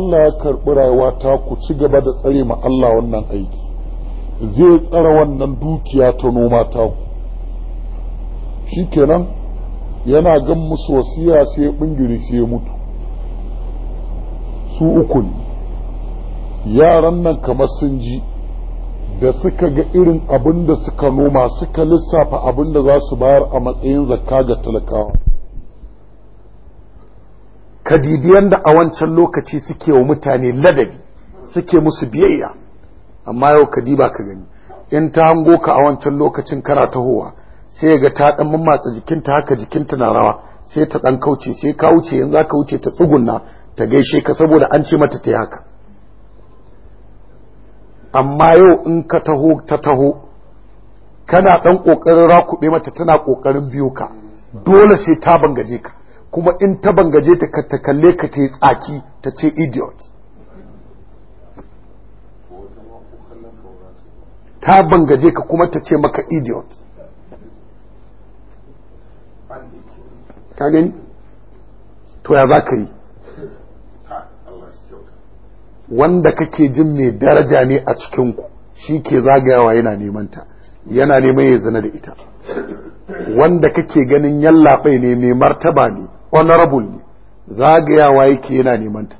Allah ya karɓi rayuwa ta ku ci gaba da tsare ma Allah wannan aiki zai tsara wannan dukiya ta noma ta ku kenan yana gan musu wasiya sai ya bingire sai ya mutu su uku ne yaran nan kamar sun ji da suka ga irin abin da suka noma suka lissafa abin da za su bayar a matsayin zakka ga talakawa kadidiyan da a wancan lokaci suke wa mutane ladabi suke musu biyayya amma yau kadiba ka gani in ta hango ka a wancan lokacin kana tahowa sai ga ta dan mamatsa jikinta haka jikinta na rawa sai ta dan kauce sai ka wuce yanzu ka wuce ta tsugunna ta gaishe ka saboda an ce mata ta yi haka amma yau in ka taho ta taho kana dan kokarin rakube mata tana kokarin biyo ka dole sai ta bangaje ka kuma in ta bangaje ta kalle ka ta yi tsaki ta ce idiot ta bangaje ka kuma ta ce maka idiot ka to ya za yi wanda kake jin mai daraja ne a cikinku shi ke zagayawa yana nemanta yana neman ya zina da ita wanda kake ganin yallaɓai ne mai martaba ne honorable ne zagayawa yake yana nemanta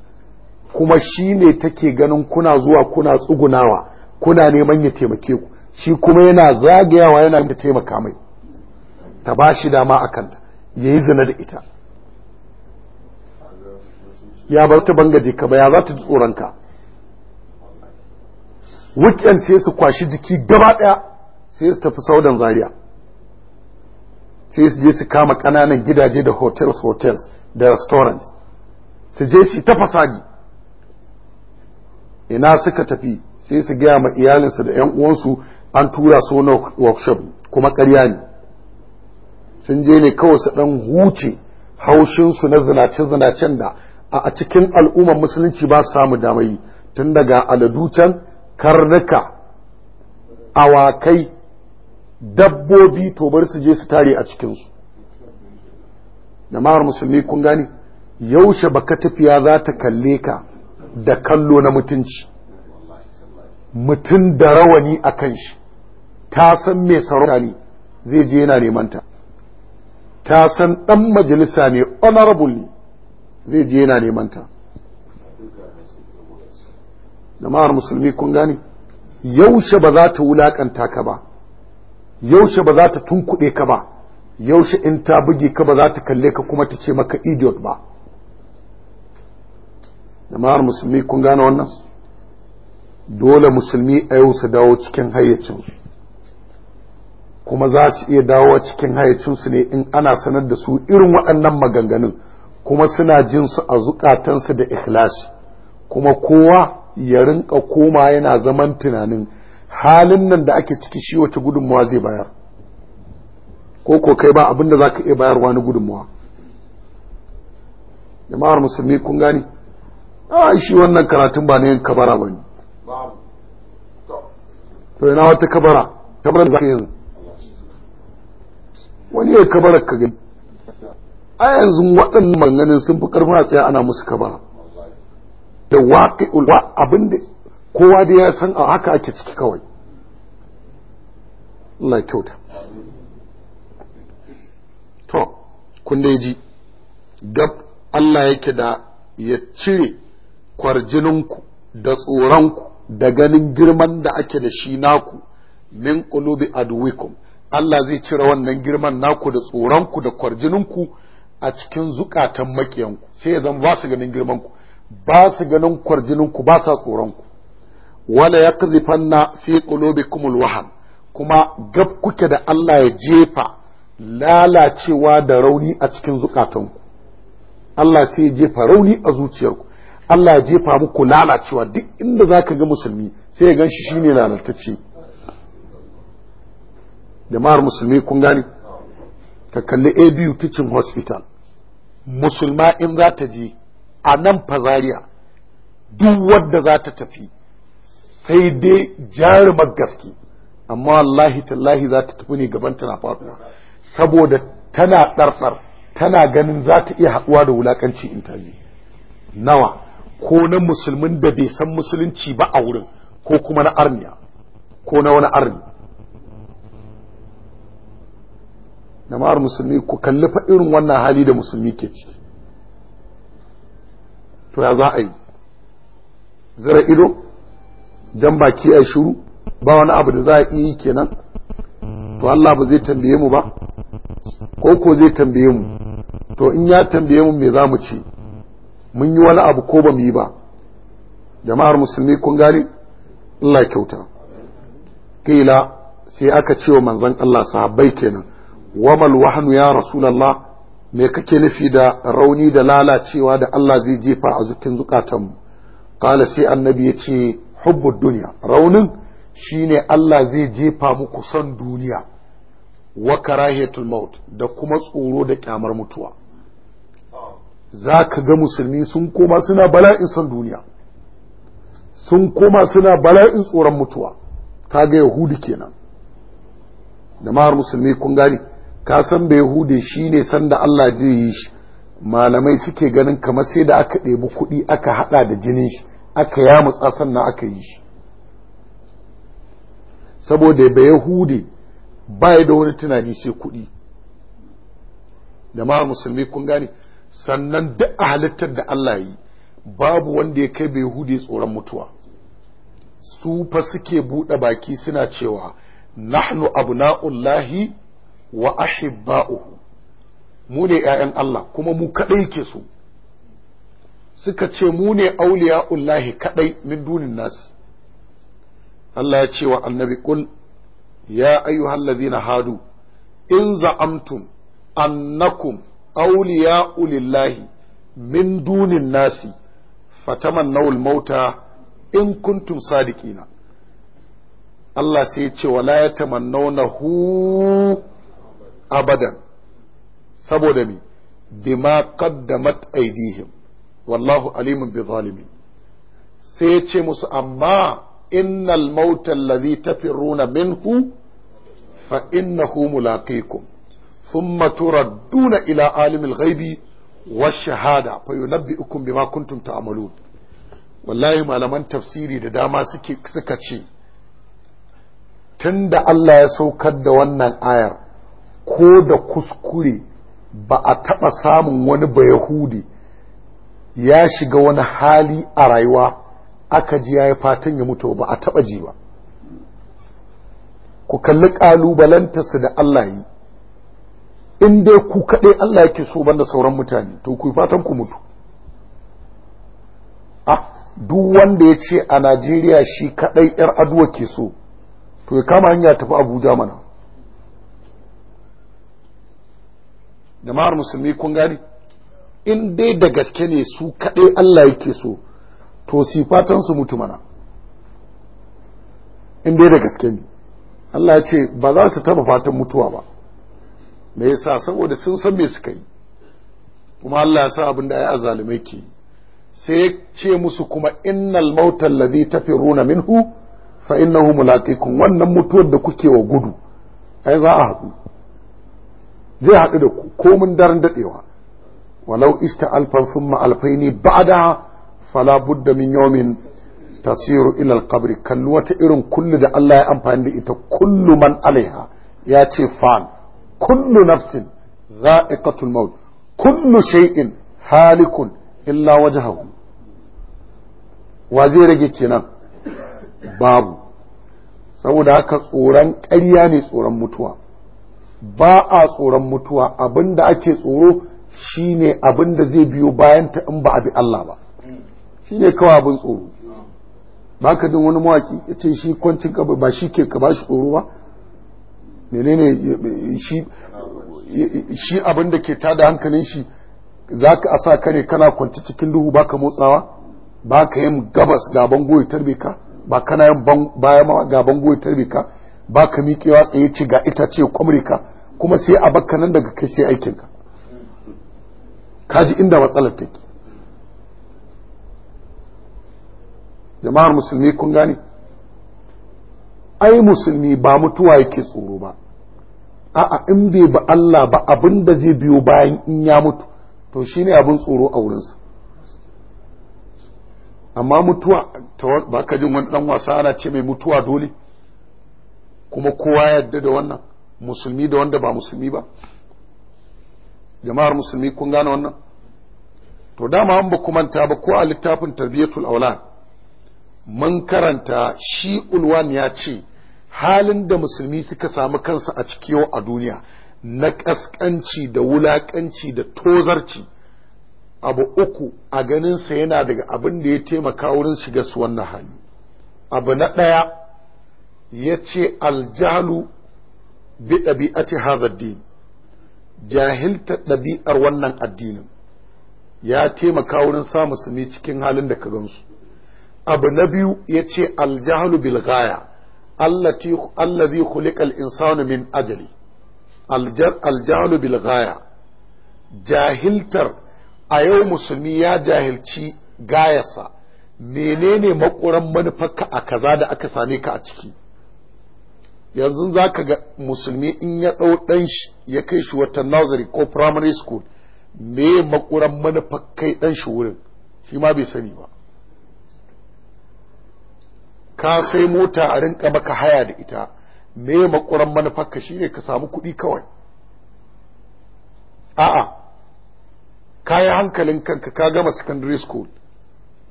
kuma shi ne take ganin kuna zuwa kuna tsugunawa kuna neman ya taimake ku shi kuma yana zagayawa yana da taimaka mai ta ba shi dama a kanta ya yi zina da ita ya bar ta bangaje ka ba ya za ta ji tsoronka weekend sai su kwashi jiki gaba daya sai su tafi saudan zaria sai su je su kama kananan gidaje da hotels hotels da restaurants su je shi ta fasaji ina suka tafi sai su gaya ma iyalinsu da 'yan uwansu an tura su na workshop kuma karya ne sun je ne kawai su ɗan huce haushinsu na zinace-zinacen da a cikin al'ummar musulunci ba su samu damai tun daga aladu can karnuka awakai dabbobi to bar su je su tare a cikinsu jama'ar musulmi kun gani yaushe baka tafiya za ta kalle ka da kallo na mutunci mutum da rawani a kan shi ta san mai sarauta ne zai je yana nemanta ta san ɗan majalisa ne honorable ne zai je yana nemanta jama'ar musulmi kun gani yaushe ba za ta wulakanta ka ba yaushe ba za ta tunkuɗe ka ba yaushe in ta buge ka ba za ta kalle ka kuma ta ce maka idiot ba jama'ar musulmi kun gane wannan dole musulmi a yau su dawo cikin hayyacinsu kuma za su iya dawo cikin hayyacinsu ne in ana sanar da su irin waɗannan maganganun kuma suna jin su a zukatansu da ikhlasi kuma kowa ya rinka koma yana zaman tunanin halin nan da ake ciki shi wace gudunmawa zai bayar ko ko kai ba abinda za ka iya bayarwa na gudunmawa jama'ar musulmi kun gani a shi wannan karatun ba na yin kabara ba ne to yana wata kabara kabara da za ka yanzu wani ya kabara ka gani a yanzu waɗannan maganin sun fi karfin a tsaya ana musu kabara da waƙi abinda kowa da ya san a haka ake ciki kawai na kyauta to kun ji gab Allah yake da ya cire kwarjininku da tsoronku da ganin girman da ake da shi naku min qulubi adwikum Allah zai cire wannan girman naku da tsoronku da kwarjininku a cikin zukatan makiyanku sai ya zama ba su ganin girmanku ba su ganin kwarjininku ba sa tsoronku wala yaqdhifanna fi qulubikum alwaham kuma gab kuke da Allah ya jefa lalacewa da rauni a cikin zukatanku Allah sai ya jefa rauni a zuciyarku Allah ya jefa muku lalacewa duk inda zaka ga musulmi sai ya ganshi shine lalatacce jama'ar musulmi kun gani ka kalli abu teaching hospital musulma in za ta je a nan fazariya duk wadda za ta tafi sai dai jarumar gaske amma wallahi tallahi za ta tafi ne gaban tana faɗuwa saboda tana ɗarɗar tana ganin za ta iya haɗuwa da wulaƙanci in ta nawa ko na musulmin da bai san musulunci ba a wurin ko kuma na arniya ko na wani arni jama'ar musulmi ku kalli fa irin wannan hali da musulmi ke ciki to ya za a yi zira ido jan baki a shiru ba wani abu da za a iya yi kenan to Allah ba zai tambaye mu ba ko ko zai tambaye mu to in ya tambaye mu me za mu ce mun yi wani abu ko ba mu yi ba jama'ar musulmi kun gani Allah kyauta kila sai aka ce wa manzon Allah sahabbai kenan mal wahnu ya rasulullah me kake nufi da rauni da lalacewa da Allah zai jefa a zukin zukatanmu kala sai annabi ya ce hubbud duniya raunin shine Allah zai jefa muku son duniya wa karahiyatul maut da kuma tsoro da kyamar mutuwa za ka ga musulmi sun koma suna bala'in son duniya sun koma suna bala'in tsoron mutuwa ka ga yahudi kenan da mahar musulmi kun gani ka san da yahudi shine sanda Allah zai yi shi malamai suke ganin kamar sai da aka ɗebi kuɗi aka haɗa da jinin shi aka ya mutsa sannan aka yi shi saboda bai hude, bai da wani tunani sai kuɗi jama'ar musulmi kun gane sannan duk a halittar da Allah yi babu wanda ya kai bai hude tsoron mutuwa su fa suke buɗe baki suna cewa nahnu abna'ullahi wa ahibba'uhu mu ne 'ya'yan Allah kuma mu kaɗai ke so suka ce mu ne ullahi kadai min dunin nasu Allah ya ce wa annabi kul ya na hadu in za'amtum annakum auliya lillahi min dunin nasi fatamannawul mauta in kuntum sadiqina Allah sai ya ce wala hu abadan saboda mi bima qaddamat aydihim wallahu alimun bi zalimi sai ya ce musu amma innal mauta allazi tafiruna minhu fa innahu mulaqikum thumma turadduna ila alimil ghaibi والشهادة فينبئكم بما كنتم تعملون wallahi malaman tafsiri da dama suka ce tunda Allah ya saukar da wannan ayar ko da kuskure ba a taɓa samun wani ba hude. ya shiga wani hali a rayuwa aka ji ya yi fatan ya mutu ba a taɓa ji ba ku kalli ƙalubalantarsu da Allah yi in dai ku kaɗai Allah yake so banda sauran mutane to ku fatan ku mutu a ah, duk wanda ya ce a Najeriya shi kaɗai 'yar aduwa ke so to ya kama hanya tafi Abuja mana jama'ar musulmi kun gani in dai da gaske ne su kaɗai Allah yake so to si fatan mutu mana in dai da gaske ne Allah ya ce ba za su taba fatan mutuwa ba me yasa saboda sun san me suka yi kuma Allah ya sa abin da ya azalume ke sai ya ce musu kuma innal mauta allazi tafiruna minhu fa innahu mulaqikum wannan mutuwar da kuke wa gudu ai za a haɗu zai haɗu da ku komin daren daɗewa ولو اشت ألفا ثم ألفين بعدها فلا بد من يوم تسير إلى القبر كالوة إرن كل دا الله أمبان إتا كل من عليها ياتي فان كل نفس ذائقة الموت كل شيء هالك إلا وجهه وزير كنا باب saboda haka tsoron ƙarya ne tsoron mutuwa ba a tsoron mutuwa abinda ake tsoro shine abin da zai biyo bayan ta in ba a bi Allah ba shine kawai abin tsoro baka din wani mawaki yace shi kwancin kaba ba shi ke ka ba shi tsoro ba menene shi shi abin da ke tada hankalin shi zaka a sa kare kana kwanci cikin duhu baka motsawa baka yin gabas gaban goyi tarbe ka ba kana yin baya ma gaban goyi tarbe ka baka miƙewa tsaye ce ga itace kwamrika kuma sai a bakka nan daga kai sai aikin ka kaji inda matsalar take jama'ar musulmi kun gani ai musulmi ba mutuwa yake tsoro ba a'a in bai ba Allah ba abin da zai biyo bayan in ya mutu to shine abin tsoro a wurin wurinsa amma mutuwa ba ka jin wani dan wasa ana ce mai mutuwa dole kuma kowa yadda da wannan musulmi da wanda ba musulmi ba jama'ar musulmi kun gane wannan to dama an ba kumanta ba ko a littafin tarbiyatul aulad mun karanta shi ulwan ya ce halin da musulmi suka samu kansa a ciki yau a duniya na ƙasƙanci da wulaƙanci da tozarci abu uku a ganinsa yana daga abin da ya taimaka wurin shiga su wannan hali abu na ɗaya ya ce aljalu bi ɗabi'ati hazardin jahilta ɗabi'ar wannan addinin ya taimaka wurin sa musulmi cikin halin da ka gansu abu na biyu ya ce aljahalu bil allazi khuliqal insanu min ajali aljahalu bil jahiltar a yau musulmi ya jahilci gayasa menene makuran manufarka a kaza da aka same ka a ciki yanzu za ka ga musulmi in ya ɗau ɗan ya kai shi wata nursery ko primary school me makuran manufa kai ɗan wurin shi ma bai sani ba ka sai mota a rinka maka haya da ita me makuran manufa ka shi ne ka samu kuɗi kawai a'a ka yi hankalin kanka ka gama secondary school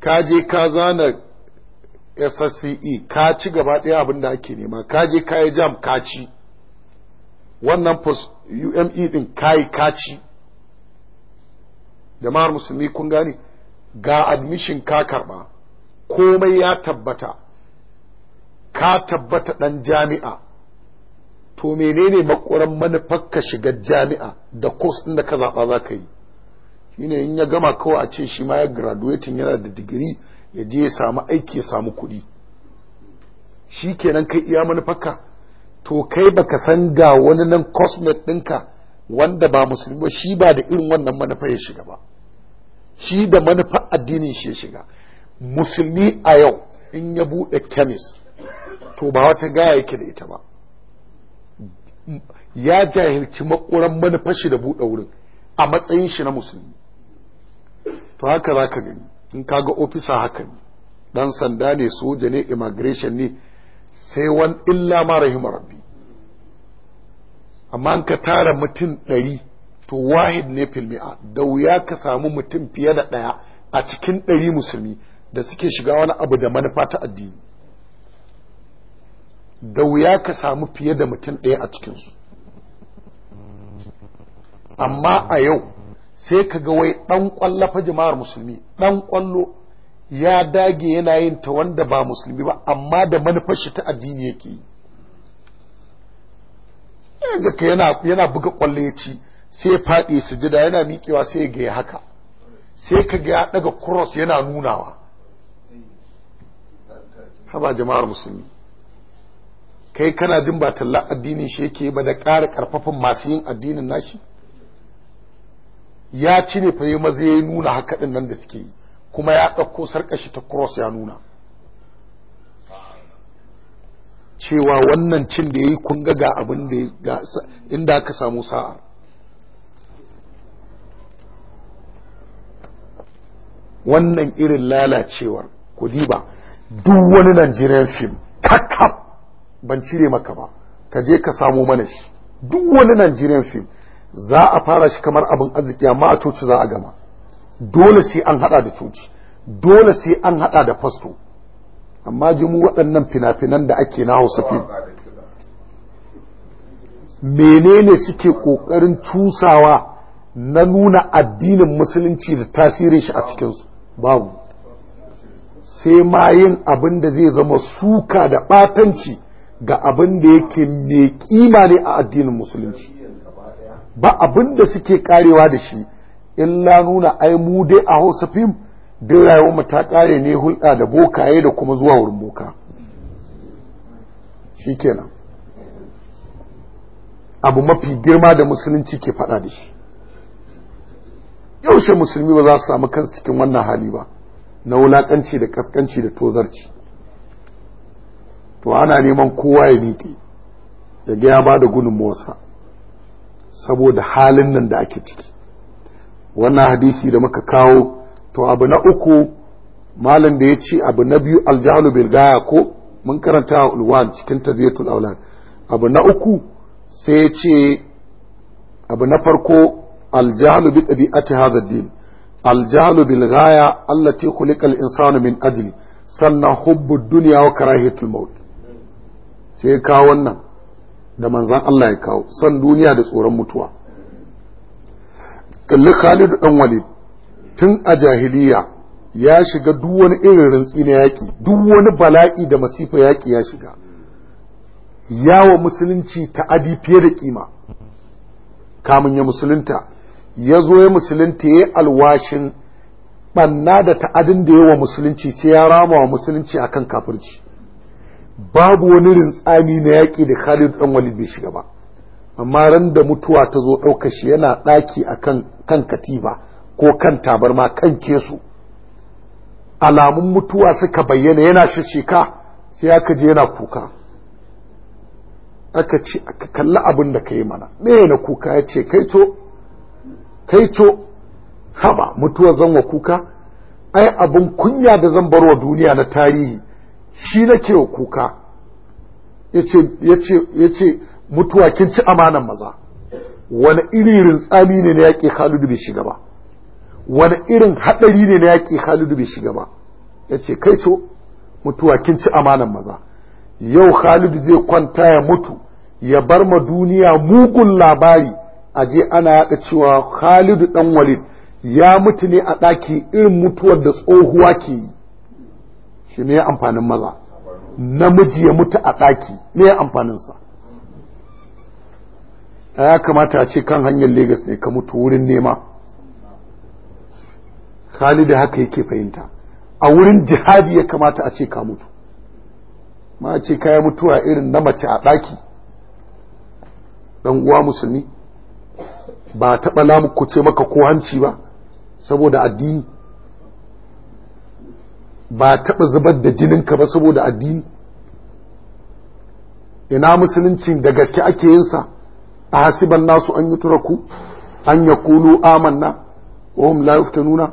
ka je ka zana SSCE ka ci gaba ɗaya abin da ake nema ka je ka yi jam ka ci wannan post UME din ka yi ka ci jama'ar musulmi kun gane ga admission ka karɓa komai ya tabbata ka tabbata ɗan jami'a to menene makoran manufar ka shiga jami'a da course ɗin da ka zaɓa za ka yi shine in ya gama kawai a ce shi ma ya graduating yana da digiri ya je ya samu aiki ya samu kuɗi shi kenan kai iya manufarka to kai baka san ga wani nan cosmet ɗinka wanda ba musulmi ba shi ba da irin wannan manufa ya shiga ba shi da manufa addinin shi ya shiga musulmi a yau in ya buɗe kemis to ba wata gaya yake da ita ba ya jahilci makuran manufar shi da buɗe wurin a matsayin shi na musulmi to haka za ka gani in ka ga ofisa haka ne dan sanda ne soja ne immigration ne sai wan illa ma rahim rabbi amma ka tara mutum ɗari to wahid ne a da wuya ka samu mutum fiye da ɗaya a cikin ɗari musulmi da suke shiga wani abu da manufa ta addini da wuya ka samu fiye da mutum ɗaya a cikinsu amma a yau sai ka ga wai ɗan ƙwallo fa jama'ar musulmi ɗan ƙwallo ya dage yana yin ta wanda ba musulmi ba amma da manufar shi ta addini yake yi ga ka yana buga ƙwallo ya ci sai ya faɗi sujada yana miƙewa sai ya gaya haka sai ka ga ya daga cross yana nunawa haba jama'ar musulmi kai kana jin ba talla addinin shi yake ba da ƙara ƙarfafin masu yin addinin nashi ya ci cire fayi maza ya nuna haka ɗin nan da suke yi kuma ya ɗauko sarƙashi ta cross ya nuna cewa wannan cin da ya yi kunga ga abin da ya inda aka samu sa'a wannan irin lalacewar kudiba duk wani Nigerian film kakab ban cire maka ba ka je ka samu mana shi duk wani Nigerian film za a fara shi kamar abin arziki amma a coci za a gama dole sai an hada da coci dole sai an hada da fasto amma jimu waɗannan fina-finan da ake na hausa menene suke ƙoƙarin cusawa na nuna addinin musulunci da tasirin shi a cikinsu babu sai ma yin abin da zai zama suka da ɓatanci ga abin da yake mai ƙima ne a addinin musulunci ba abin da suke karewa da shi illa nuna ai mu dai a hausa fim duk rayuwar mu ta kare ne hulɗa da bokaye da kuma zuwa wurin boka shikenan abu mafi girma da musulunci ke faɗa da shi yaushe musulmi ba za su samu kansu cikin wannan hali ba na wulaƙanci da kaskanci da tozarci to ana neman kowa ya miƙe ya ga ya ba da gudunmuwarsa saboda halin nan da ake ciki wannan hadisi da muka kawo to abu na uku malam da ya ce abu na biyu aljahlu bil gaya ko mun karanta wa ulwan cikin tarbiyatul aulad abu na uku sai ya ce abu na farko aljahlu bi tabi'ati hadha din aljahlu bil gaya allati khuliqal insanu min ajli sannan hubbud dunya wa karahiyatul maut sai ka wannan da manzan Allah ya kawo son duniya da tsoron mutuwa kalli Khalid dan Walid tun a jahiliya ya shiga duk wani irin rantsi na yaƙi duk wani bala'i da masifa yaki ya shiga yawa musulunci ta'adi fiye da kima kamun ya musulunta ya zo ya musulunta ya alwashin banna da ta'adin da yawa musulunci sai ya rama wa musulunci akan kafirci babu wani rintsani na yaƙi da Khalid ɗan Walid bai shiga ba amma ran da mutuwa ta zo ɗaukar shi yana ɗaki a kan katiba ko kan tabarma kan kesu alamun mutuwa suka bayyana yana shishika sai aka je yana kuka aka ce aka kalli abin da ka yi mana me na kuka ya ce kai to kai to haba mutuwa zan wa kuka ai abin kunya da zan bar wa duniya na tarihi shi nake wa kuka ya ce mutuwa kin ci amanan maza wani iririn tsami ne na yaƙi Halidu bai shiga ba wani irin haɗari ne na yaƙi Halidu bai shiga ba ya ce kai co mutuwa kin ci amanan maza yau Halidu zai kwanta ya mutu ya bar ma duniya mugun labari a je ana yaɗa cewa Halidu ɗan Walid ya mutu ne a ɗaki irin mutuwar da tsohuwa ke yi shi me amfanin maza namiji ya mutu a ɗaki me amfaninsa ya kamata a ce kan hanyar Legas ne ka mutu wurin nema da haka yake fahimta a wurin jihadi ya kamata a ce ka mutu ma ce kaya mutuwa irin na mace a ɗaki ɗan uwa musulmi ba taɓa lamu kuce maka ko hanci ba saboda addini ba taɓa zubar da jininka ba saboda addini ina musuluncin da gaske ake yinsa a hasiban nasu an yi turaku an ya kulu amanna wa hum la yuftanuna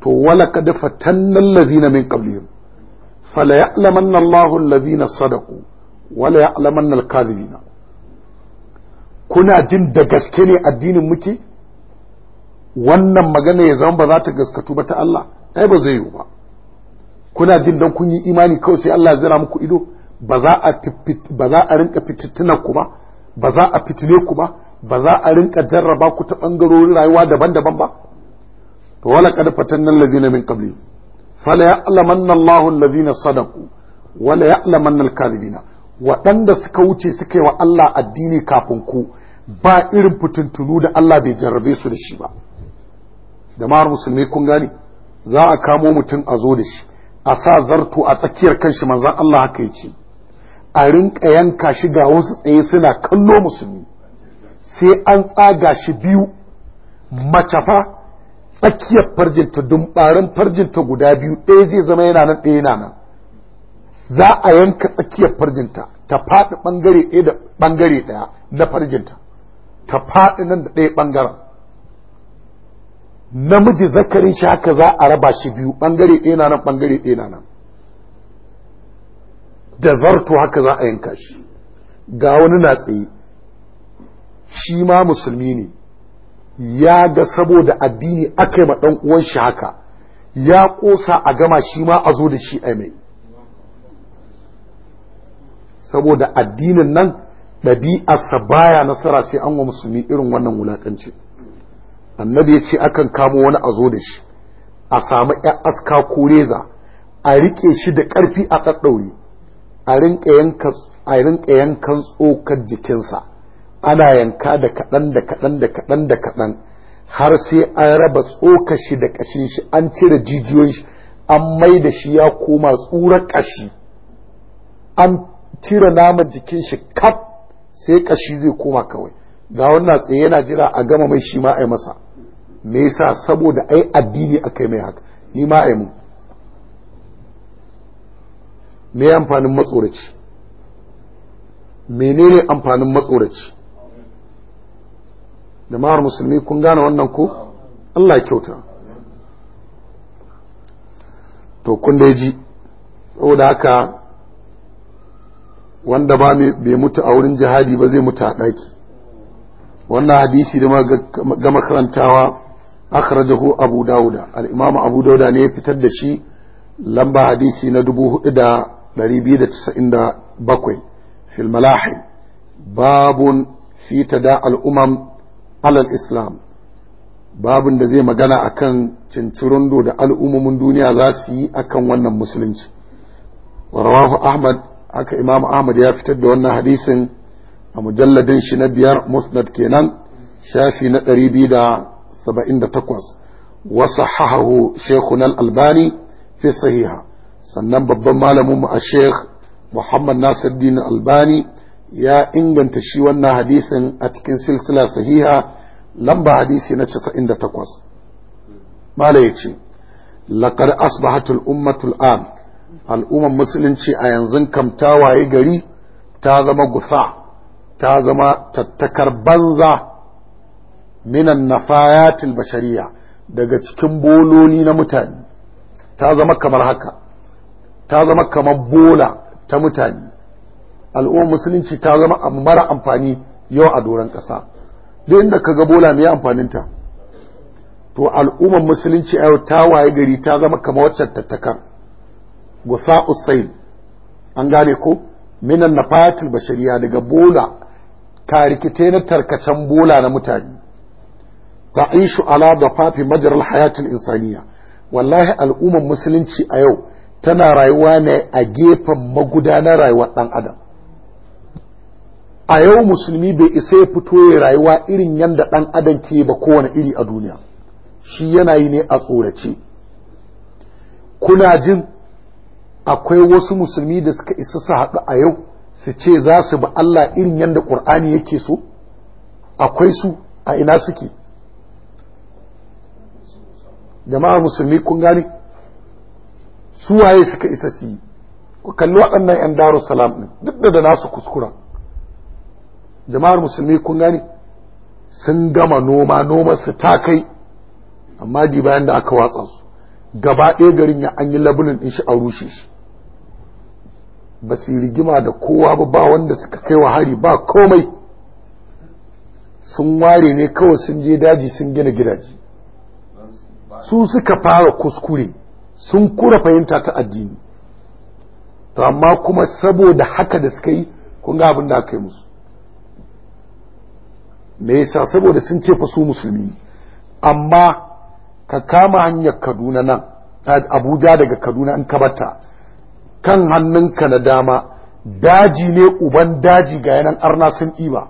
to wala kad fatanna lazina min qablihim fala ya'lamanna Allahu allazina sadaqu wala ya'lamanna al kuna jin da gaske ne addinin muke wannan magana ya zama ba za ta gaskatu ba ta Allah ai ba zai yiwu ba kuna jin dan kun yi imani kawai sai Allah zira muku ido ba za a ba za a rinka fitittunan ku ba ba za a fitile ku ba ba za a rinka jarraba ku ta bangarorin rayuwa daban-daban ba to wala kad fatanna allazina min qabli fala ya'lamanna Allahu allazina sadaqu wala ya'lamanna al-kadhibina waɗanda suka wuce suka yi wa Allah addini kafin ku ba irin fitintunu da Allah bai jarrabe su da shi ba Da musulmi kun gane za a kamo mutum a zo da shi a sa zarto a tsakiyar kanshi manzan Allah haka yace a rinka yanka shi ga wasu tsaye suna kallo musulmi sai an tsaga shi biyu macafa tsakiyar farjinta dumbarin farjinta guda biyu ɗaya zai zama yana nan ɗaya yana nan za a yanka tsakiyar farjinta ta faɗi ɓangare ɗaya da ɓangare ɗaya na farjinta ta faɗi nan da ɗaya ɓangaren namiji zakarin shi haka za a raba shi biyu bangare ɗaya na nan bangare ɗaya na nan da zarto haka za a yanka shi ga wani na tsaye shi ma musulmi ne ya ga saboda addini aka yi ma uwan shi haka ya ƙosa a gama shi ma a zo da shi a mai saboda addinin nan ɗabi'arsa baya nasara sai an wa musulmi irin wannan wulaƙancin annabi ya ce akan kamo wani a zo da shi a samu ‘yan aska ko reza a riƙe shi da ƙarfi a ɗaɗɗaure a rinƙa yankan tsokar jikinsa ana yanka da kaɗan da kaɗan da kaɗan da kaɗan har sai an raba tsokar shi da ƙashin shi an cire jijiyoyin shi an mai da shi ya koma tsurar ƙashi an cire naman jikin shi kaf sai ƙashi zai koma kawai ga wannan tsaye yana jira a gama mai shi ma ai masa me yasa saboda ai addini akai mai haka ni ma ai mu me amfanin matsoraci menene amfanin matsoraci jama'ar musulmi kun gane wannan ko Allah kyauta to kun da ji saboda haka wanda ba bai mutu a wurin jihadi ba zai mutu a ɗaki wannan hadisi da gama karantawa akhrajahu abu dauda al-imam abu dauda ne ya fitar da shi lamba hadisi na 4297 fil malahi babun fi tada al-umam alal islam babun da zai magana akan cincirundo da al'ummomin duniya za su yi akan wannan musulunci rawahu ahmad haka imam ahmad ya fitar da wannan hadisin a mujalladin shi na biyar musnad kenan shafi na ɗari biyu da saba'in da takwas wasu hahahu shekunan albani fi sahiha sannan babban malaminmu a sheikh muhammad nasiruddin albani ya inganta shi wannan hadisin a cikin silsila sahiha lamba hadisi na takwas. mala ya ce laƙar asbahatul ummatul an al'umman musulunci a yanzu kamta waye gari ta zama gusa ta zama tattakar banza minan nafayatil bashariya daga cikin bololi na mutane ta zama kamar haka ta zama kamar bola ta mutane al'ummar musulunci ta zama mara amfani yau a doron ƙasa da inda ka ga bola mai amfaninta to al'ummar musulunci a yau ta waye gari ta zama kamar waccan tattakar gusa usain an gane ko minan nafayatil bashariya daga bola karikite na tarkacen bola na mutane ta'ishu ala da fafi majalar hayatin insaniya wallahi al'ummar musulunci a yau tana rayuwa ne a gefen magudanar rayuwar ɗan adam a yau musulmi bai isa ya fito ya rayuwa irin yadda ɗan adam ke ba kowane iri a duniya shi yana yi ne a tsorace kuna jin akwai wasu musulmi da suka isa sa haɗu a yau su ce za su bi Allah irin yadda ƙur'ani yake so akwai su a ina suke jama'a musulmi kun gane su waye suka isa su yi ku kalli waɗannan 'yan darussalam ɗin duk da nasu kuskura jama'ar musulmi kun gane sun gama noma noma su ta kai amma ji bayan da aka watsa su gaba ɗaya garin ya an yi labulin ɗin shi a rushe shi ba su rigima da kowa ba ba wanda suka kai wa hari ba komai sun ware ne kawai sun je daji sun gina gidaje su suka fara kuskure sun kura fahimta ta addini to amma kuma saboda haka da suka yi kun ga abin da aka yi musu me yasa saboda sun ce fa su musulmi amma ka kama hanyar kaduna nan abuja daga kaduna in ka bata kan hannunka na dama daji ne uban daji ga yanan arna sun ɗiba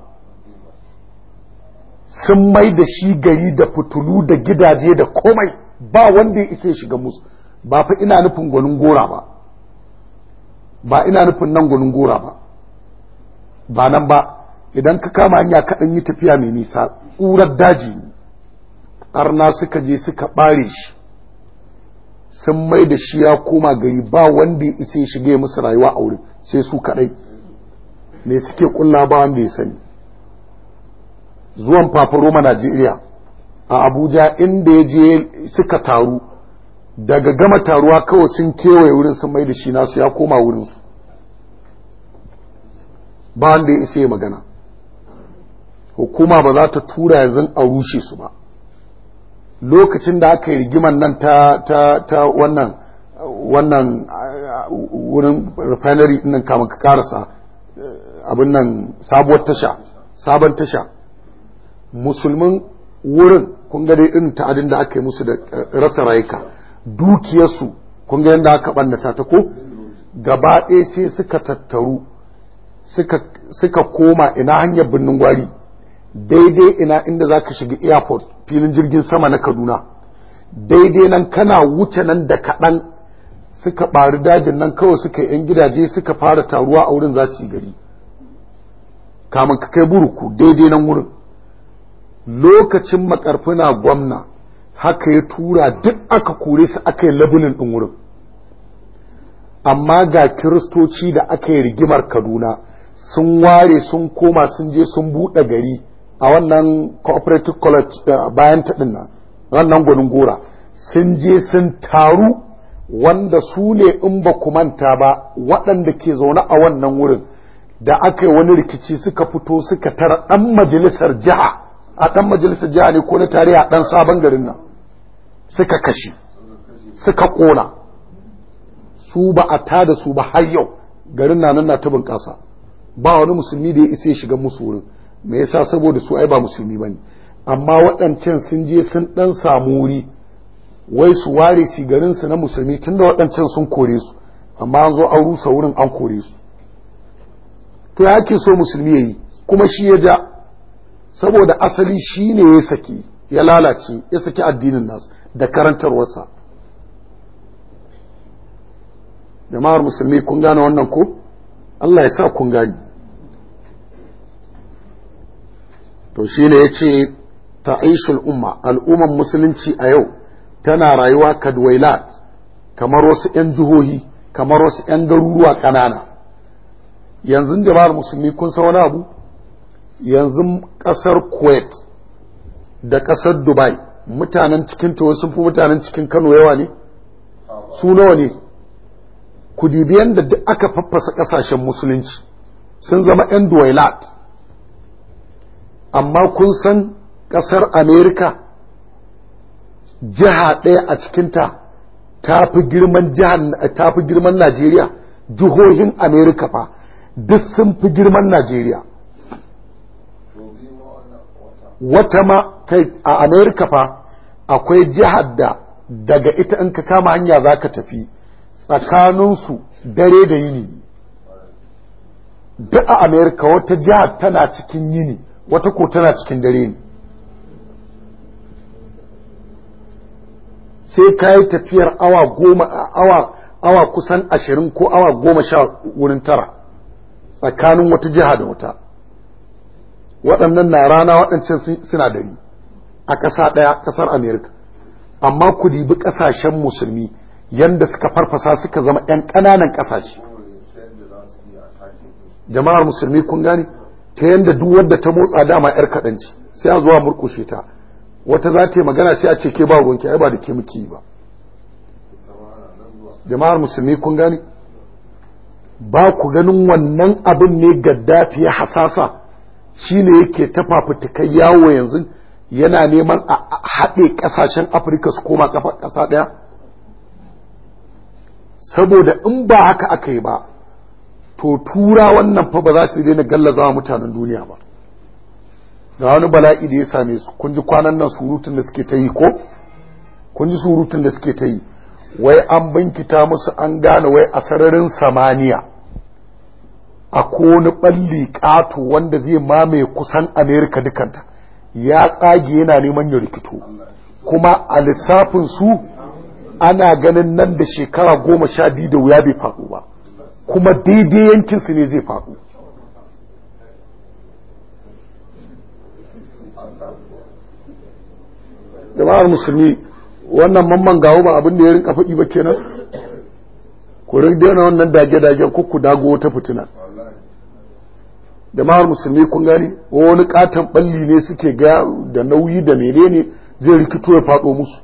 sun mai da shi gari da fitulu da gidaje da komai ba wanda ya isa ya shiga musu ba fa ina nufin gwanin gora ba ba ina nufin nan gwanin gora ba ba nan ba idan ka kama hanya kaɗan yi tafiya mai nisa tsurar daji arna suka je suka ɓare shi sun mai da shi ya koma gari ba wanda ya isa ya shige musu rayuwa a wurin sai su kaɗai me suke kulla ba wanda ya sani zuwan Fafaroma najeriya a abuja inda ya je suka taru daga gama taruwa kawai sun kewaye wurin sun mai da shi nasu ya koma wurin su. ba wanda ya isa ya magana hukuma ba za ta tura yanzu a rushe su ba lokacin da aka yi rigiman nan ta wannan wannan wurin refinery nan kamar ka karasa abin nan sabuwar tasha sabon tasha musulmin wurin kun ga dai irin ta'adin da aka yi musu da rasa rayuka dukiyarsu kun ga yadda aka ɓannata ta ko gaba ɗaya sai suka tattaru suka koma ina hanyar birnin gwari daidai ina inda za ka shiga airport filin jirgin sama na kaduna daidai nan kana wuce nan da kaɗan suka ɓari dajin nan kawai suka yan gidaje suka fara taruwa a wurin za su yi gari kamun ka kai buruku daidai nan wurin lokacin makarfuna gwamna haka ya tura duk aka kore su aka yi labulin ɗin wurin amma ga kiristoci da aka yi rigimar kaduna sun ware sun koma sun je sun buɗe gari a wannan cooperative college eh, bayan taɗin nan wannan gwanin gora sun je sun taru wanda su ne in ba ku manta ba waɗanda ke zaune a wannan wurin da aka yi wani rikici suka fito suka tara ɗan majalisar jiha a ɗan majalisar jiha ne ko na tare a ɗan sabon garin nan suka kashe suka ƙona su ba a ta da su ba har yau garin na nan na tabin ƙasa ba wani musulmi da ya isa ya shiga musu wurin me yasa saboda su ai ba musulmi bane amma waɗancan sun je sun ɗan samu wuri wai su ware su garin su na musulmi tunda waɗancan sun kore su amma an zo an rusa wurin an kore su to ya ke so musulmi yayi kuma shi ya ja saboda asali shi ne ya saki ya lalace ya saki addinin nasu da karantarwarsa jama'ar musulmi kun gane wannan ko Allah ya sa kun gane to shine yace ta'ishul umma al'umman musulunci a yau tana rayuwa kadwailat kamar wasu 'yan jihohi kamar wasu 'yan garuruwa ƙanana yanzu jama'ar musulmi kun san wani abu yanzu ƙasar kuwait da ƙasar dubai mutanen cikin to sun fi mutanen cikin kano yawa ne su nawa ne kudibiyan da duk aka faffasa ƙasashen musulunci sun zama 'yan duwailat amma kun san ƙasar amerika jiha ɗaya a cikinta ta fi girman girman najeriya jihohin amerika fa duk sun fi girman najeriya wata ma a amerika fa akwai jihar da daga ita in ka kama hanya za ka tafi tsakaninsu dare da yini duk a amerika wata jihar tana cikin yini wata ko tana cikin dare ne sai ka yi tafiyar awa goma awa awa kusan ashirin ko awa goma sha wurin tara tsakanin wata jiha da wata waɗannan na rana waɗancan suna dare a ƙasa ɗaya ƙasar amerika amma ku dibi ƙasashen musulmi yadda suka farfasa suka zama ƴan ƙananan ƙasashe jama'ar musulmi kun gane ta yanda duk wadda ta motsa dama yar kadanci sai a zuwa murkushe ta wata za ta yi magana sai a ce ke ba ruwanki ai ba da ke muke ba jama'ar musulmi kun gani ba ku ganin wannan abin ne gaddafi ya hasasa shine yake tafafutukai yawo yanzu yana neman a haɗe ƙasashen afirka su koma ƙasa ɗaya saboda in ba haka aka yi ba to tura wannan fa ba za su daina gallaza mutanen duniya ba ga wani bala'i da ya same su kun ji kwanan nan surutun da suke ta yi ko kun ji surutun da suke ta yi wai an binkita musu an gane wai a sararin samaniya a kone balli ƙato wanda zai mamaye kusan amerika dukanta ya tsage yana neman ya rikito kuma a lissafin su ana ganin nan da shekara goma sha biyu da wuya bai faru ba kuma daidai yankinsu ne zai faɗo jama'ar musulmi wannan mamman gawo ba abin da ya rinka faɗi ba kenan ku daina wannan dage-dagen ku dago wata fitina jama'ar musulmi kun gani wani katon ɓalli ne suke gaya da nauyi da menene zai rikito ya faɗo musu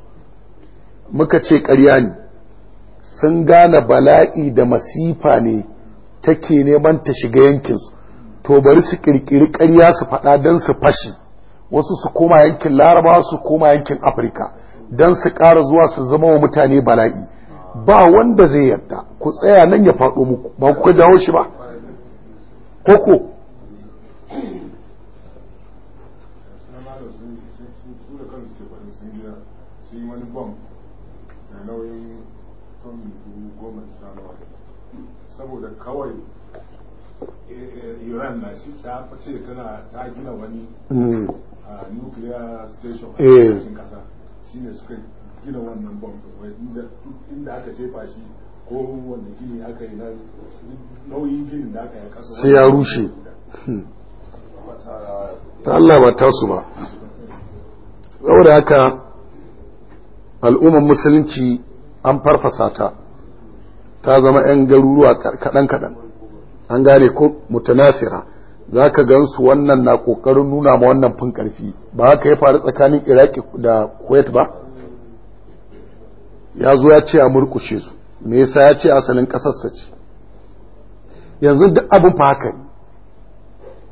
muka ce ƙarya ne sun gane bala'i da masifa ne take neman ta shiga yankinsu to bari su kirkiri ƙarya su faɗa don su fashe, wasu su koma yankin laraba su koma yankin afirka don su ƙara zuwa su zama wa mutane bala'i ba wanda zai yadda ku tsaya nan ya faɗo muku ba ku jawo shi ba koko saboda kawai eh, iran na shi ta fice tana ta gina wani mm. nuclear station a eh. cikin kasa shine suka gina wannan bomb inda aka jefa shi ko wanda gini aka yi nauyin ginin da aka yi kasa sai ya rushe hmm. ta Allah ba tasu ba saboda haka al'ummar musulunci an farfasa ta ta zama 'yan garuruwa kaɗan-kaɗan an gane ko mutanasira za ka gansu wannan na ƙoƙarin nuna ma wannan fin ƙarfi ba haka ya faru tsakanin iraki da kuwait ba ya zo ya ce a murkushe su me yasa ya ce asalin ƙasarsa ce yanzu duk abin fa haka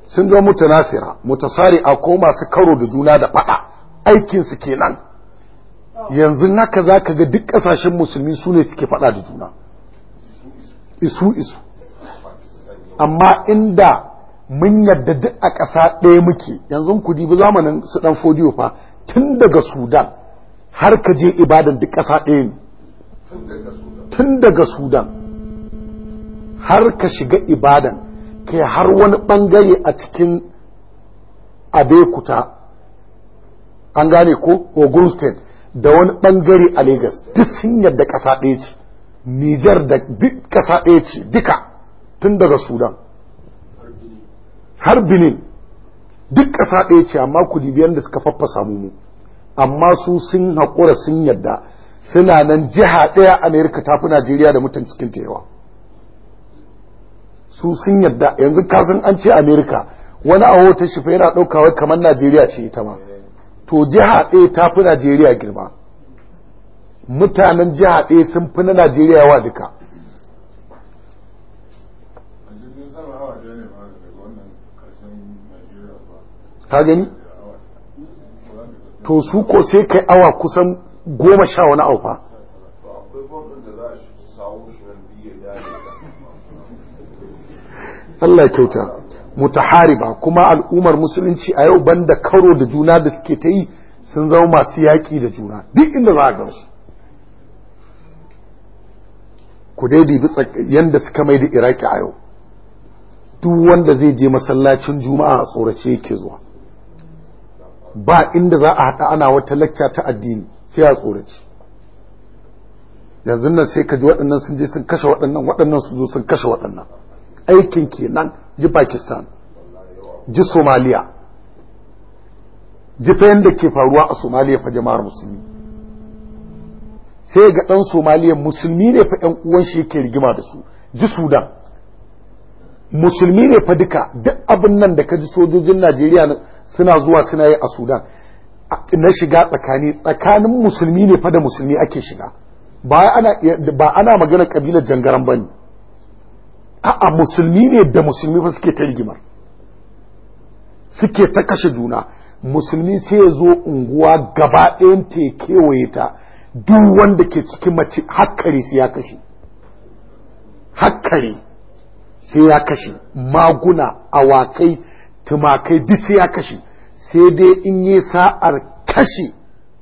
sun zo mutanasira mutasari a ko masu karo da juna da faɗa aikinsu kenan yanzu haka za ka ga duk ƙasashen musulmi su ne suke faɗa da juna isu isu amma inda mun yadda duk a ƙasa ɗaya muke yanzu ku dibi zamanin su ɗan fodiyo fa tun daga sudan har ka je ibadan duk ƙasa ɗaya ne tun daga sudan har ka shiga ibadan kai har wani ɓangare a cikin abekuta an gane ko ogun state da wani ɓangare a Legas duk sun yadda ƙasa ɗaya ce nijar da duka ɗaya ce duka tun daga sudan har benin duk ƙasa ɗaya ce amma ku dibiyan da suka faffasa mu amma su sun haƙura sun yadda suna nan jiha ɗaya amerika ta fi najeriya da mutum cikin ta yawa su sun yadda yanzu kasan an ce amerika wani aho ta shifa yana ɗaukawa kamar najeriya ce ita ma to jiha ɗaya ta fi najeriya girma mutanen jiha ɗaya sun fi na najeriya yawa duka ka gani to su ko sai kai awa kusan goma sha wani aufa Allah kyauta mutahariba kuma al'ummar musulunci a yau banda karo da juna da suke ta yi sun zama masu yaƙi da juna duk inda za a gansu ku dai dibi yadda suka mai da iraki a yau duk wanda zai je masallacin juma'a a tsorace yake zuwa ba inda za a haɗa ana wata lacca ta addini sai a tsorace yanzu nan sai ka ji waɗannan sun je sun kashe waɗannan waɗannan su zo sun kashe waɗannan aikin kenan ji pakistan ji somaliya ji fa yadda ke faruwa a somaliya fa jama'ar musulmi sai ga ɗan somaliya musulmi ne fa 'yan uwan shi yake rigima da su ji sudan musulmi ne fa duka duk abin nan da ka ji sojojin najeriya suna zuwa suna yi a sudan na shiga tsakani tsakanin musulmi ne fa da musulmi ake shiga ba ana ba ana magana kabilar jangaran bane a'a musulmi ne da musulmi fa suke ta rigimar suke ta kashe juna musulmi sai ya zo unguwa gaba ɗayan ta kewaye ta duk wanda ke cikin mace hakkari sai ya kashe hakkari sai ya kashe maguna awakai tumakai duk sai ya kashe sai dai in yi sa'ar kashe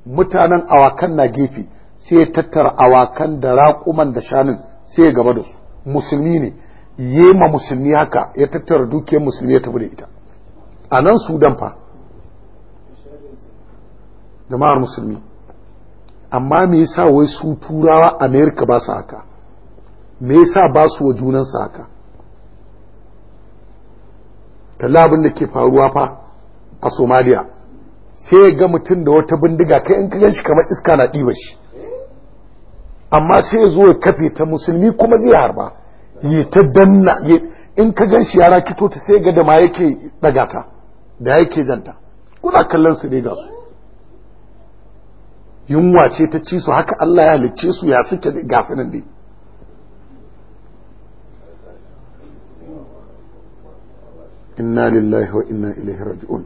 mutanen awakan na gefe sai ya tattara awakan da raƙuman da shanun sai ya gaba da su musulmi ne yema musulmi haka ya tattara dukiyar musulmi ya tafi da ita a nan sudan fa jama'ar musulmi amma me yasa wai su turawa america ba su haka me yasa ba su wa junansu haka kalla abin da ke faruwa fa a Somalia sai ya ga mutum da wata bindiga kai in kagan shi kamar iska na ɗiba shi amma sai ya zo ya kafe ta musulmi kuma zai harba ya ta danna in ka gan shi yara kito ta sai ga da ma yake daga ta da yake zanta kuna kallon su ne ga su yunwa ce ta ci su haka Allah ya halicce su ya suke ga su nan dai inna lillahi wa inna ilaihi raji'un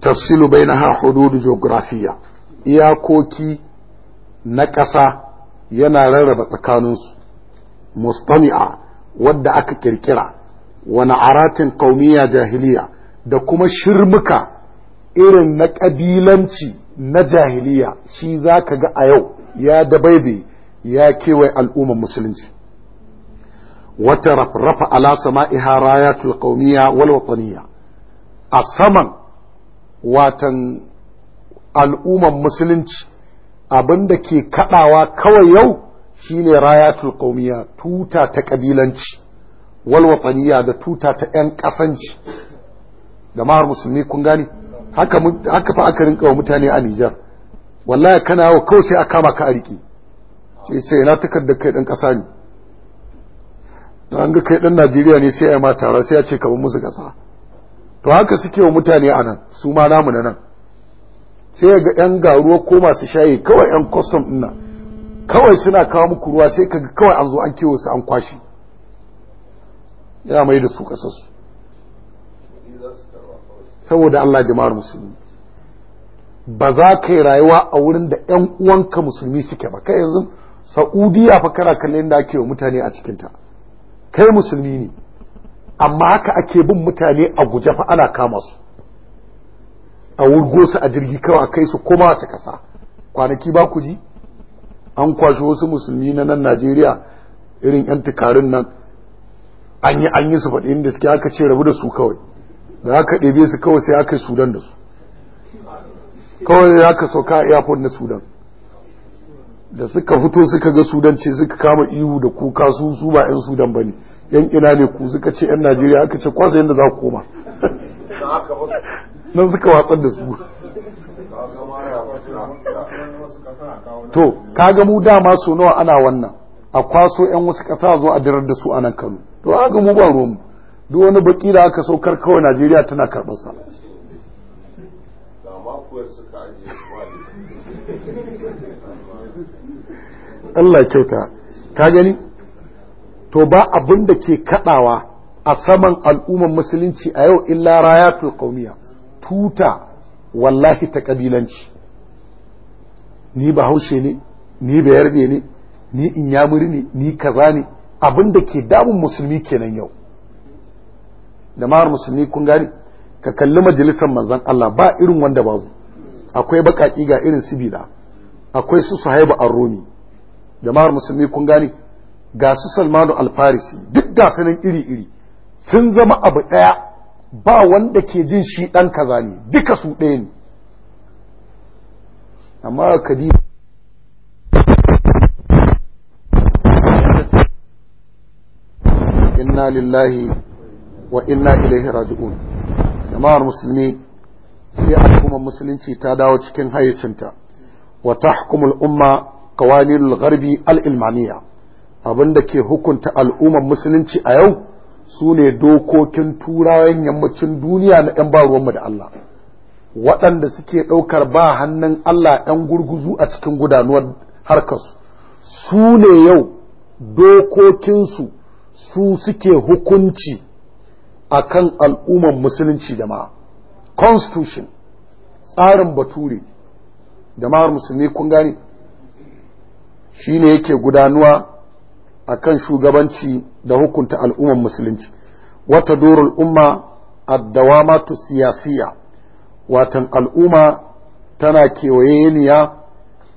tafsilu bainaha hudud geografiya iyakoki na ƙasa yana rarraba tsakaninsu mustami'a wadda aka kirkira wani aratin kaumiya jahiliya da kuma shirmuka irin na ƙabilanci na jahiliya shi za ka ga a yau ya dabaibe ya kewaye al'ummar musulunci wata rafrafa ala sama'iha rayatul raya wal a saman watan al'ummar musulunci abinda ke kaɗawa kawai yau shine raya tulkaumiya tuta ta ƙabilanci walwataniya da tuta ta yan kasanci da mahar musulmi kun gani haka fa aka rinka wa mutane a Nijar wallahi kana yawo kawai sai aka kama ka a rike. sai sai na takardar kai ɗan ƙasa ne da an ga kai ɗan Najeriya ne sai ai ma tara sai ya ce ka kamar musu kasa to haka suke wa mutane a nan su ma namu na nan sai ga ƴan garuwa ko masu shayi kawai ƴan kwastam ɗin kawai suna kawo muku ruwa sai kaga kawai an zo an kewa su an kwashe ya mai da su kasasu saboda Allah jama'ar musulmi ba za ka yi rayuwa a wurin da ƴan uwanka musulmi suke ba kai yanzu Saudiya fa kana kallon da ake wa mutane a cikin ta kai musulmi ne amma haka ake bin mutane a guje fa ana kama su a wurgo su a jirgi kawai kai su koma ta kasa kwanaki ba ku ji an kwashe wasu musulmi na nan Najeriya irin yan tukarin nan an yi an yi su faɗi inda suke aka ce rabu da su kawai da aka ɗebe su kawai sai aka yi sudan da su kawai da aka sauka a airport na sudan da suka fito suka ga sudan ce suka kama ihu da kuka su su ba 'yan sudan ba ne yan ina ne ku suka ce 'yan najeriya aka ce kwasa yadda za ku koma nan suka watsar da su to kaga mu dama su nawa ana wannan a kwaso 'yan wasu ƙasa zo a dirar da su a nan kano to aga mu ba ruwanmu duk wani baki da aka saukar kawai najeriya tana karɓar sa Allah kyauta ka gani to ba abin da ke kadawa a saman al'umman musulunci a yau illa raya qaumiya tuta wallahi ta kabilanci ni bahaushe ne ni bayarbe ne ni inyamuri ne ni kaza ne abin da ke damun musulmi kenan yau jama'ar musulmi kun gani ka kalli majalisar manzan Allah ba irin wanda babu akwai bakaki ga irin su bida akwai su sahaibu arrumi jama'ar musulmi kun gani ga su salmanu alfarisi duk ga sanin iri-iri sun zama abu daya ba wanda ke jin shi dan kaza ne duka su ɗaya ne amma inna lillahi wa inna ilaihi raji'un jama'ar musulmi sai al'ummar musulunci ta dawo cikin hayyacinta wa tahkumul umma qawanilul gharbi al-ilmaniya abinda ke hukunta al'ummar musulunci a yau sune dokokin turawan yammacin duniya na yan baruwanmu da Allah waɗanda suke ɗaukar ba hannun Allah yan gurguzu a cikin gudanuwar harkarsu su ne yau dokokinsu su suke hukunci akan al'umman musulunci da ma, constitution tsarin bature ma musulmi kun gane shine yake gudanuwa akan shugabanci da hukunta al'umman musulunci wata dorul umma ta siyasiya watan al'umma tana kewayeniya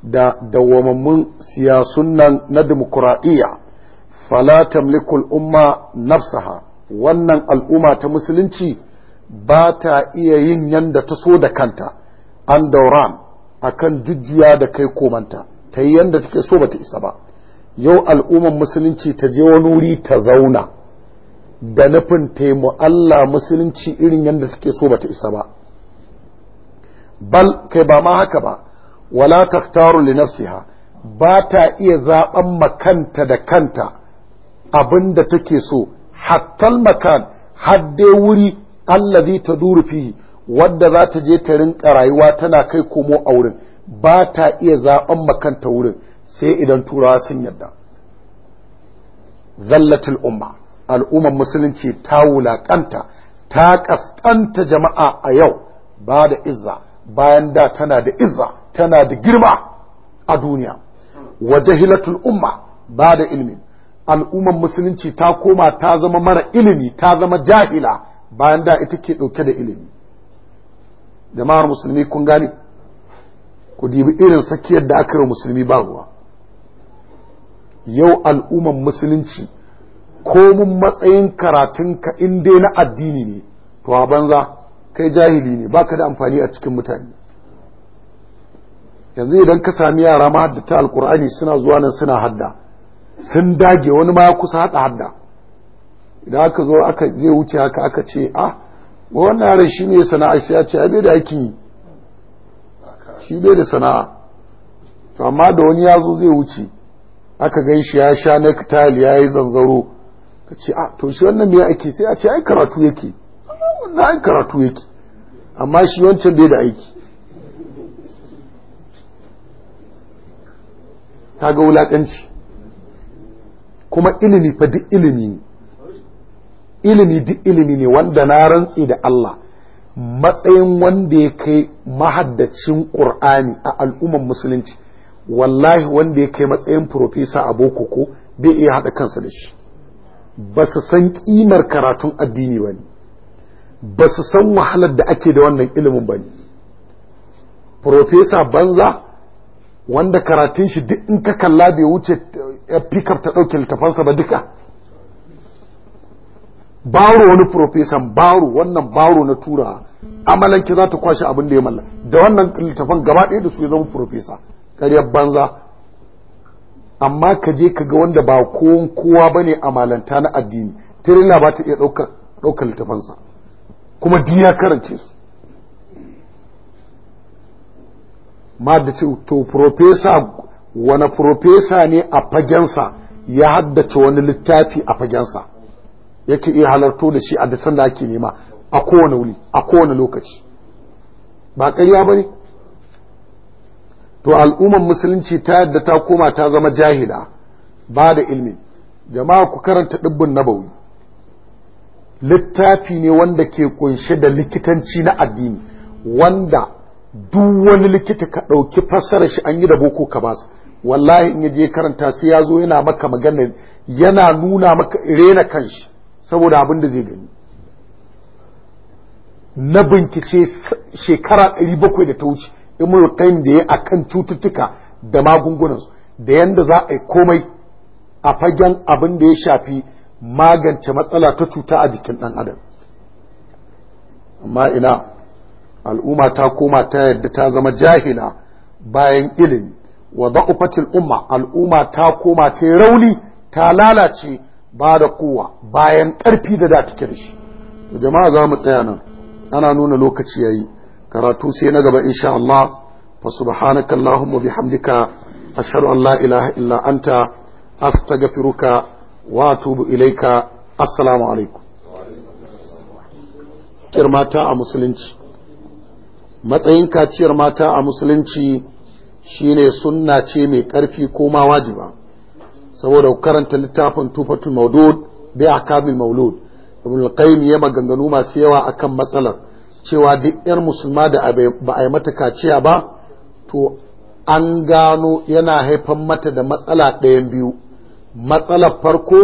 da dawwamammun siyasun nan na dimokuraɗiyya fala tamlikul umma nafsaha wannan al'umma ta musulunci ba ta iya yin yanda ta so da kanta an dauran kan jujjuya da kai komanta ta yi yanda take so ba ta isa ba yau al'umman musulunci ta je wani wuri ta zauna da nufin taimu Allah musulunci irin yadda take so ba ta isa ba bal kai ba ma haka ba wala taktaru li nafsiha ba ta iya zaɓen makanta da kanta abin da take so hattal makan hadde wuri allazi taduru fihi wadda za ta je ta rinka rayuwa tana kai komo a wurin ba ta iya zaben makanta wurin sai idan turawa sun yadda zallatul umma al'ummar musulunci ta wulakanta ta kaskanta jama'a a yau ba da izza bayan da tana da izza tana da girma a duniya wa jahilatul umma ba da ilmin al'umman musulunci ta koma ta zama mara ilimi ta zama jahila bayan da ita ke ɗauke da ilimi jama'ar musulmi kun gane ku dibi irin sakiyar da aka yi musulmi ba ruwa yau al'umman musulunci mun matsayin karatunka in dai na addini ne to a banza kai jahili ne baka da amfani a cikin mutane yanzu idan ka sami yara ma haddata ta alkur'ani suna zuwa nan suna hadda sun dage wani ma kusa haɗa hadda idan aka zo aka zai wuce haka aka ce ah wannan yaran shi ne sana'a shi ya ce ai bai da aikin yi shi bai da sana'a to amma da wani ya zo zai wuce aka gan shi ya sha nektali ya yi zanzaro ka ce ah to shi wannan mai ake sai a ce ai karatu yake wannan ai karatu yake amma shi wancan bai da aiki ga wulakanci kuma ilimi fa duk ilimi ne ilimi duk ilimi ne wanda na rantsi da Allah matsayin wanda ya kai mahaddacin Qur'ani a al'umman musulunci wallahi wanda ya kai matsayin profesa a boko ko bai iya haɗa kansa da shi ba su san ƙimar karatun addini ba ne ba su san wahalar da ake da wannan ilimin ba ne profesa banza wanda karatun shi duk in ka kalla bai wuce fikar eh, ta ɗauke littafansa ba duka baro wani profesan baro wannan baro na tura amalanki za ta kwashe abin da ya mallaka da wannan littafan gaba ɗaya da su ya zama profesa ƙaryar banza amma ka je ka ga wanda ba kowon kowa ba ne a malanta na addini tirila ba ta iya ɗaukar littafansa kuma diya ya karance su ma da ce to profesa wani profesa ne a fagensa ya haddace wani littafi a fagensa yake iya halarto da shi a da sanda ake nema a kowane wuli a kowane lokaci ba ƙarya ba ne to al'ummar musulunci ta yadda ta koma ta zama jahila ba da ilmi jama'a ku karanta ɗibbin nabawi littafi ne wanda ke kunshe da likitanci na addini wanda duk wani likita ka ɗauki fassarar shi an yi da boko ka basa wallahi in je karanta sai yazo yana maka magana yana nuna maka rena kanshi saboda abin da zai gani na bincike shekara 700 da ta wuce imul qayyim da ya akan cututtuka da magungunansu, da yanda za a yi komai a fagen abin da ya shafi magance matsala ta cuta a jikin ɗan adam amma ina al'umma ta koma ta yadda ta zama jahila bayan ilimi wa da'ufatil umma al'umma ta koma ta rauni ta lalace ba da kowa bayan ƙarfi da da take da shi to jama'a za mu tsaya nan ana nuna lokaci yayi karatu sai na gaba insha Allah fa subhanaka allahumma bihamdika ashhadu an la ilaha illa anta astaghfiruka wa atubu ilaika assalamu alaikum kirmata a musulunci matsayin kaciyar mata a musulunci shine sunna ce mai karfi ko ma wajiba saboda karanta littafin tufatul maudud bi ahkamil maulud ibn al-qayyim ya maganganu masu yawa akan matsalar cewa duk yar musulma da ba a yi mata kaciya ba to an gano yana haifar mata da matsala ɗayan biyu matsalar farko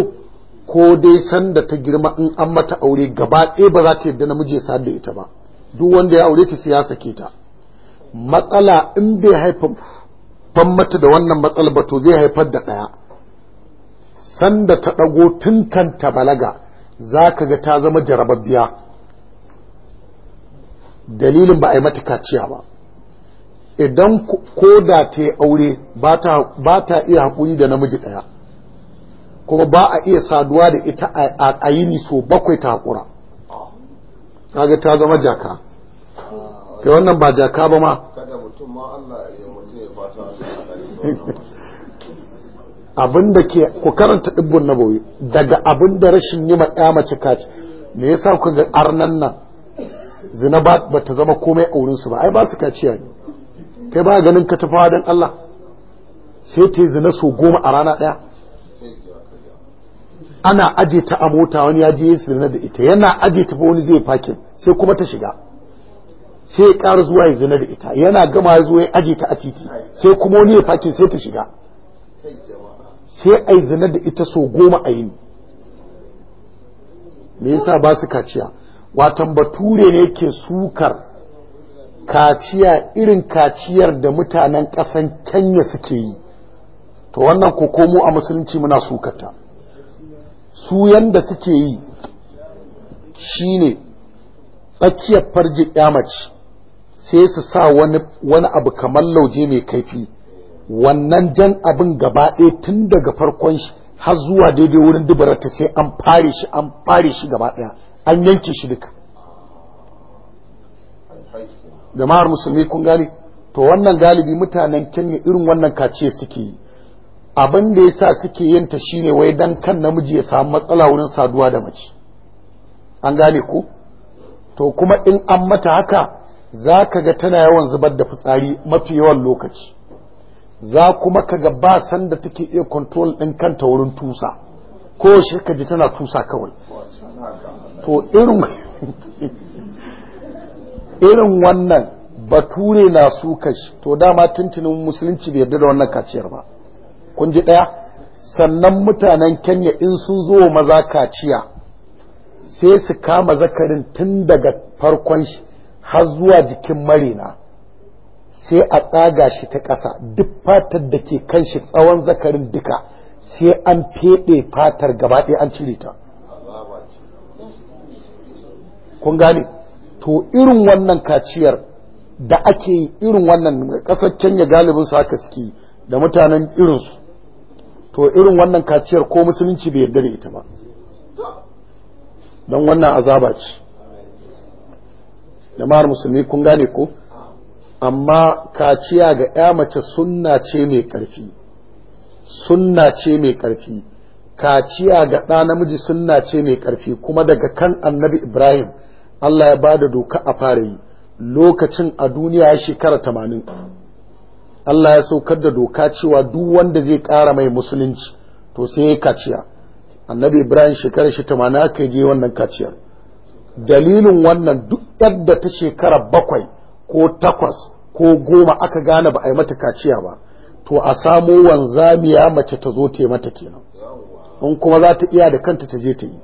ko dai sanda ta girma in an mata aure gaba ɗaya ba za ta yarda namiji ya da ita ba duk wanda ya aure ta siyasa ke ta matsala in bai haifar mata da wannan matsala ba to zai haifar da ɗaya sanda ta ɗago tun balaga za ka ga ta zama jarababbiya dalilin ba a yi mata kaciya ba idan ko da ta yi aure ba ta iya haƙuri da namiji ɗaya kuma ba a iya saduwa da ita a yini so bakwai ta haƙura kaga ta zama jaka kai wannan ba jaka ba ma kada ke ku karanta dubbun nabawi daga abinda rashin yi ya mace kaci me yasa ku ga arnan nan zina ba ta zama komai a wurinsu ba ai ba su kaciya ne kai ba ganin ka tafawa don Allah sai ta yi zina so goma a rana ɗaya ana aje ta a mota wani ya je yesu zina da ita yana aje ta wani zai fakin sai kuma ta shiga sai ya ƙara zuwa ya zina da ita yana gama zuwa ya aje ta a titi sai kuma wani ya fakin sai ta shiga sai a zina da ita so goma a yini me yasa ba su kaciya watan bature ne ke sukar kaciya irin kaciyar da mutanen ƙasan kenya suke yi to wannan ko komo a musulunci muna sukata su yanda suke yi shine tsakiyar farji mace sai su sa wani abu kamar lauje mai kaifi wannan jan abin gaba tun daga farkon shi har zuwa daidai wurin dubararta sai an fare shi an fare shi gaba an yanke shi duka jama'ar musulmi kun gane to wannan galibi mutanen kenya irin wannan kace suke yi abin da ya sa suke yin ta shine wai dan kan namiji ya samu matsala wurin saduwa da mace an gane ko to kuma in an mata haka za ka ga tana yawan zubar da fitsari mafi yawan lokaci za kuma ka ga ba sanda take iya control ɗin kanta wurin tusa ko shi ka ji tana tusa kawai to irin irin wannan bature na su shi to dama tuntunin musulunci bai yarda da wannan kaciyar ba kun ji ɗaya sannan mutanen kenya in sun zo maza kaciya sai su kama zakarin tun daga farkon shi har zuwa jikin marina sai a tsaga shi ta ƙasa duk fatar da ke kan shi tsawon zakarin duka sai an feɗe fatar gaba an cire ta kun gane to irin wannan kaciyar da ake irin wannan ƙasar kenya galibin su haka suke da mutanen irinsu to irin wannan kaciyar ko musulunci bai yarda da ita ba don wannan azaba ce jama'ar musulmi kun gane ko amma kaciya ga ya mace sunna ce mai karfi sunna ce mai karfi kaciya ga ɗa namiji sunna ce mai karfi kuma daga kan annabi ibrahim allah ya ba da doka a fara yi lokacin a duniya ya shekara tamanin Allah ya saukar da doka cewa duk wanda zai ƙara mai musulunci to sai ya kaciya annabi ibrahim shekarar shi tamanin aka je wannan kaciyar dalilin wannan duk yadda ta shekara bakwai ko takwas ko goma aka gane ba a yi mata kaciya ba to a samo wanzamiya mace ta zo ta yi mata kenan in kuma za ta iya da kanta ta je ta yi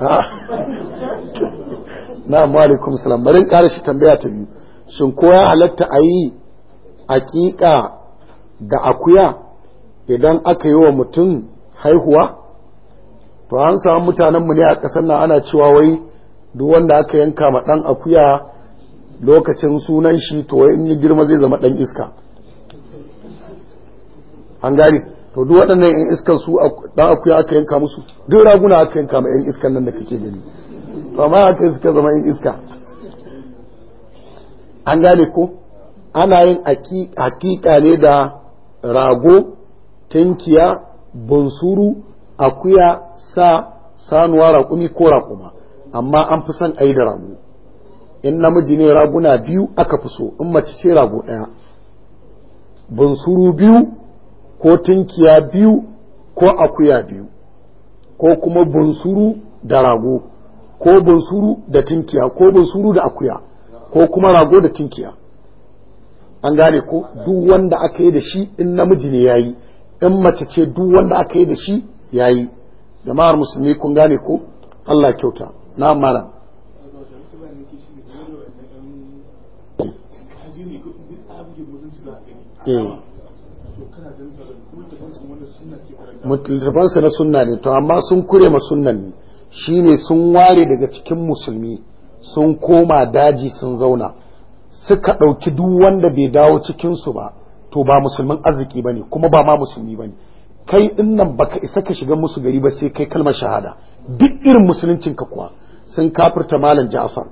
ah. na malikum salam barin ƙara shi tambaya ta biyu shin ko ya halatta a yi aƙiƙa da akuya idan aka yi wa mutum haihuwa to an samu mutanenmu ne a ƙasar nan ana cewa wai duk wanda aka yanka ma ɗan akuya lokacin sunan shi to wai in yi girma zai zama ɗan iska an gari to duk waɗannan 'yan iskan su dan akuya aka yanka musu duk raguna aka yanka ma 'yan iskan nan da kake gani to amma aka suka zama 'yan iska an gane ko ana yin hakika ne da rago tinkiya bunsuru akuya sa sanuwa raƙumi ko raƙuma amma an fi son a yi da rago in namiji ne raguna biyu aka fi so in mace ce rago ɗaya bunsuru biyu ko tinkiya biyu ko akuya biyu ko kuma bunsuru da rago ko bunsuru da tinkiya ko bunsuru da akuya ko kuma rago da tinkiya an gane ko duk wanda aka yi da shi in namiji ne yayi in mace ce duk wanda aka yi da shi yayi jama'ar musulmi kun gane ko Allah kyauta na mara eh. littafansa na sunna ne to amma sun kure ma sunnan ne shine sun ware daga cikin musulmi sun koma daji sun zauna suka ɗauki duk wanda bai dawo cikinsu ba to ba musulmin arziki ba ne kuma ba ma musulmi ba ne kai in nan baka isa ka shiga musu gari ba sai kai kalmar shahada duk irin musuluncin ka kuwa sun kafirta malam ja'far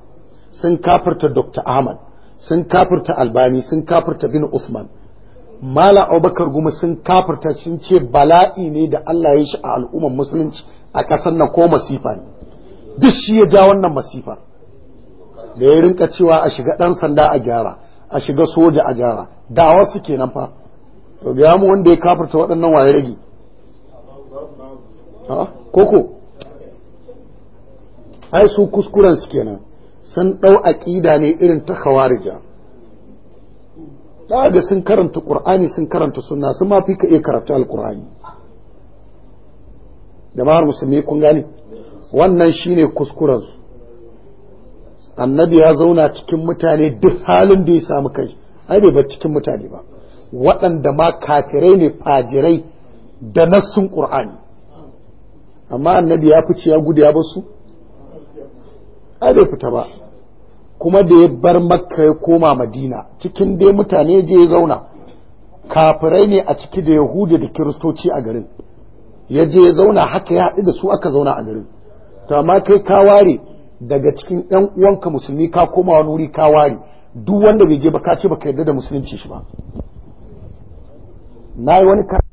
sun kafirta dr ahmad sun kafirta albani sun kafirta bin usman mala abubakar guma sun kafirta sun ce bala'i ne da allah ya shi a al'ummar musulunci a ƙasar nan ko masifa ne duk shi ya ja wannan masifa da ya rinka cewa a shiga ɗan sanda a gyara a shiga soja a gyara wasu ke kenan fa to ga mu wanda ya kafarta waɗannan waye rage koko ai su kuskuren su kenan sun ɗau aƙida ne irin ta khawarija ga sun karanta ƙur'ani sun karanta sunna sun ma fi ka iya karatu alƙur'ani ma musulmi kun gane wannan shine kuskuren su. annabi ya zauna cikin mutane duk halin da ya samu kai ai bai bar cikin mutane ba waɗanda ma kafirai ne fajirai da nassun qur'ani amma annabi ya fice ya gudu ya basu ai bai fita ba kuma da ya bar makka ya koma madina cikin dai mutane je ya zauna kafirai ne a ciki da yahudi da kiristoci a garin ya je ya zauna haka ya haɗu da su aka zauna a garin to amma kai ka ware daga cikin ɗan uwanka musulmi ka koma wani wuri ka ware duk wanda bai je ba ka ce baka yarda da musulunci shi ba na yi wani